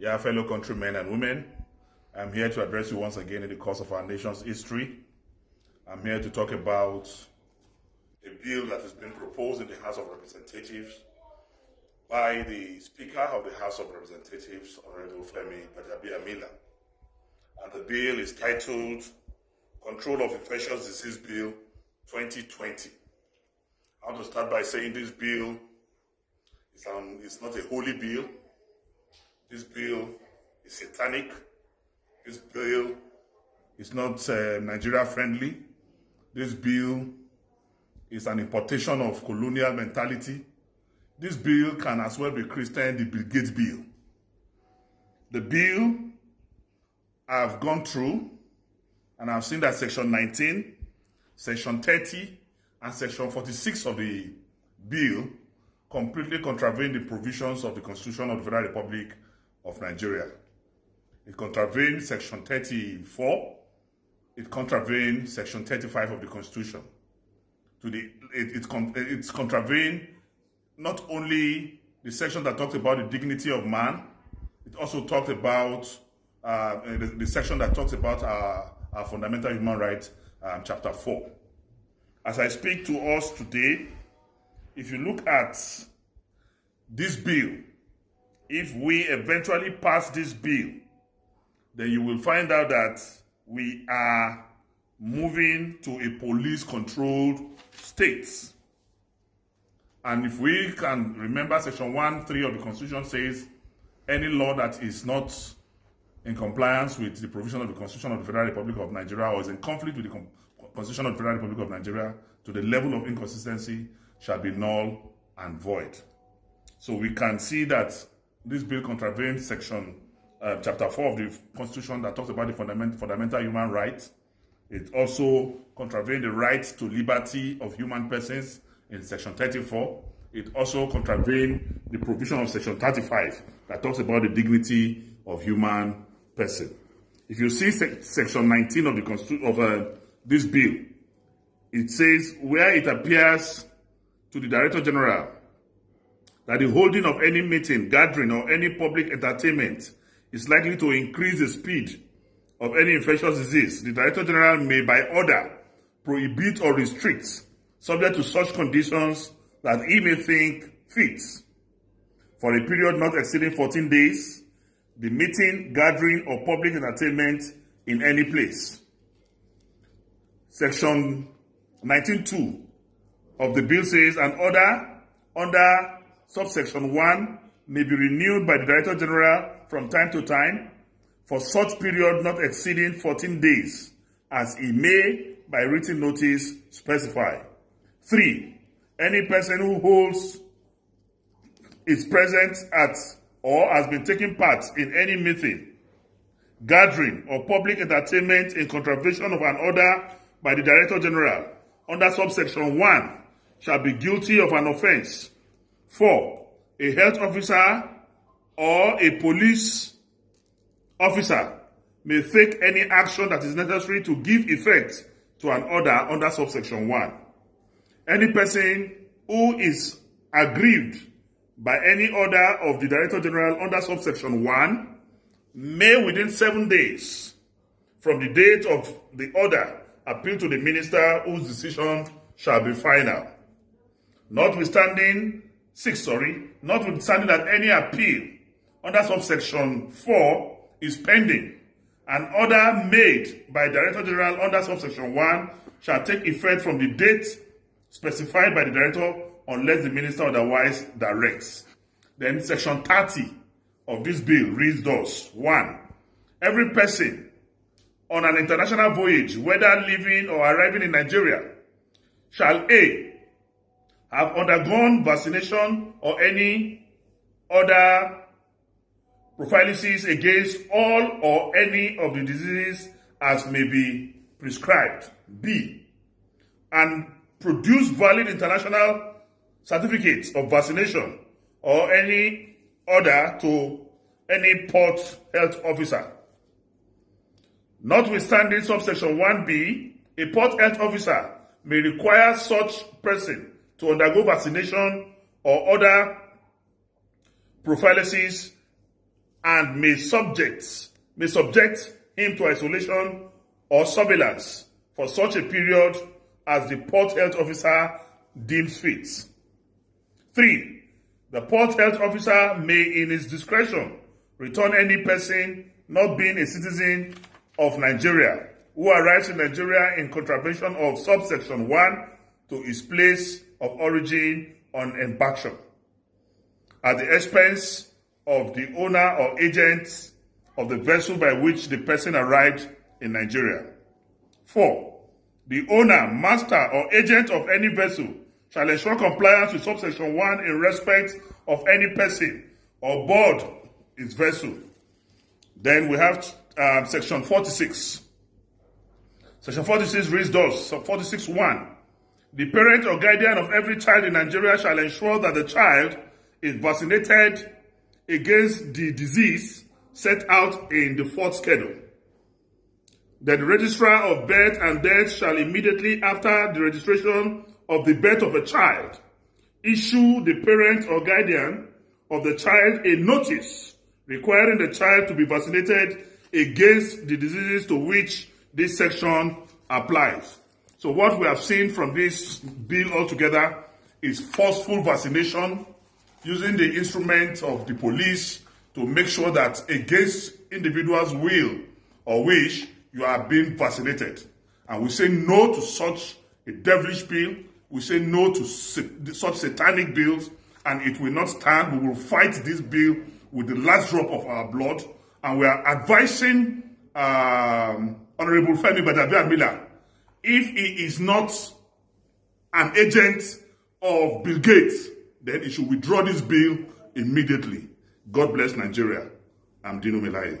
Yeah, fellow countrymen and women, I'm here to address you once again in the course of our nation's history. I'm here to talk about a bill that has been proposed in the House of Representatives by the Speaker of the House of Representatives, Honorable Femi Bajabia And the bill is titled Control of Infectious Disease Bill 2020. I want to start by saying this bill is, um, is not a holy bill This bill is satanic. This bill is not uh, Nigeria friendly. This bill is an importation of colonial mentality. This bill can as well be christened the Bill Gates bill. The bill I've gone through and I've seen that section 19, section 30, and section 46 of the bill completely contravene the provisions of the Constitution of the Federal Republic of Nigeria. It contravenes Section 34. It contravenes Section 35 of the Constitution. To the it, it, it's contravened not only the section that talks about the dignity of man, it also talks about uh, the, the, section that talks about our, our fundamental human rights, um, chapter 4. As I speak to us today, if you look at this bill, if we eventually pass this bill, then you will find out that we are moving to a police controlled state. And if we can remember, Section 1 3 of the Constitution says any law that is not in compliance with the provision of the Constitution of the Federal Republic of Nigeria or is in conflict with the Constitution of the Federal Republic of Nigeria to the level of inconsistency shall be null and void. So we can see that this bill contravenes section uh, chapter 4 of the constitution that talks about the fundament, fundamental human rights it also contravenes the right to liberty of human persons in section 34 it also contravenes the provision of section 35 that talks about the dignity of human person if you see sec section 19 of the constitution of uh, this bill it says where it appears to the director general that the holding of any meeting, gathering, or any public entertainment is likely to increase the speed of any infectious disease, the Director General may, by order, prohibit or restrict, subject to such conditions that he may think fit, for a period not exceeding 14 days, the meeting, gathering, or public entertainment in any place. Section 19.2 of the bill says an order under subsection 1 may be renewed by the Director General from time to time for such period not exceeding 14 days as he may by written notice specify. 3. Any person who holds is present at or has been taking part in any meeting, gathering, or public entertainment in contravention of an order by the Director General under subsection 1 shall be guilty of an offense Four, a health officer or a police officer may take any action that is necessary to give effect to an order under subsection 1. Any person who is aggrieved by any order of the Director General under subsection 1 may within seven days from the date of the order appeal to the minister whose decision shall be final. Notwithstanding 6, sorry, notwithstanding that any appeal under subsection 4 is pending, an order made by Director General under subsection 1 shall take effect from the date specified by the Director unless the Minister otherwise directs. Then section 30 of this bill reads thus. 1. Every person on an international voyage, whether living or arriving in Nigeria, shall A have undergone vaccination or any other prophylaxis against all or any of the diseases as may be prescribed. B. And produce valid international certificates of vaccination or any order to any port health officer. Notwithstanding subsection 1b, a port health officer may require such person to undergo vaccination or other prophylaxis and may subject, may subject him to isolation or surveillance for such a period as the port health officer deems fit. Three, the port health officer may, in his discretion, return any person not being a citizen of Nigeria who arrives in Nigeria in contravention of subsection 1 to his place of origin on embarkation at the expense of the owner or agent of the vessel by which the person arrived in Nigeria. 4. The owner, master, or agent of any vessel shall ensure compliance with subsection 1 in respect of any person or board its vessel. Then we have um, section 46. Section 46 reads thus. So 46.1. The parent or guardian of every child in Nigeria shall ensure that the child is vaccinated against the disease set out in the fourth schedule. That the registrar of birth and death shall immediately after the registration of the birth of a child issue the parent or guardian of the child a notice requiring the child to be vaccinated against the diseases to which this section applies. So what we have seen from this bill altogether is forceful vaccination using the instrument of the police to make sure that against individuals' will or wish, you are being vaccinated. And we say no to such a devilish bill. We say no to such satanic bills, and it will not stand. We will fight this bill with the last drop of our blood. And we are advising um, Honorable Femi Badabia Miller If he is not an agent of Bill Gates, then he should withdraw this bill immediately. God bless Nigeria. I'm Dino Melaye.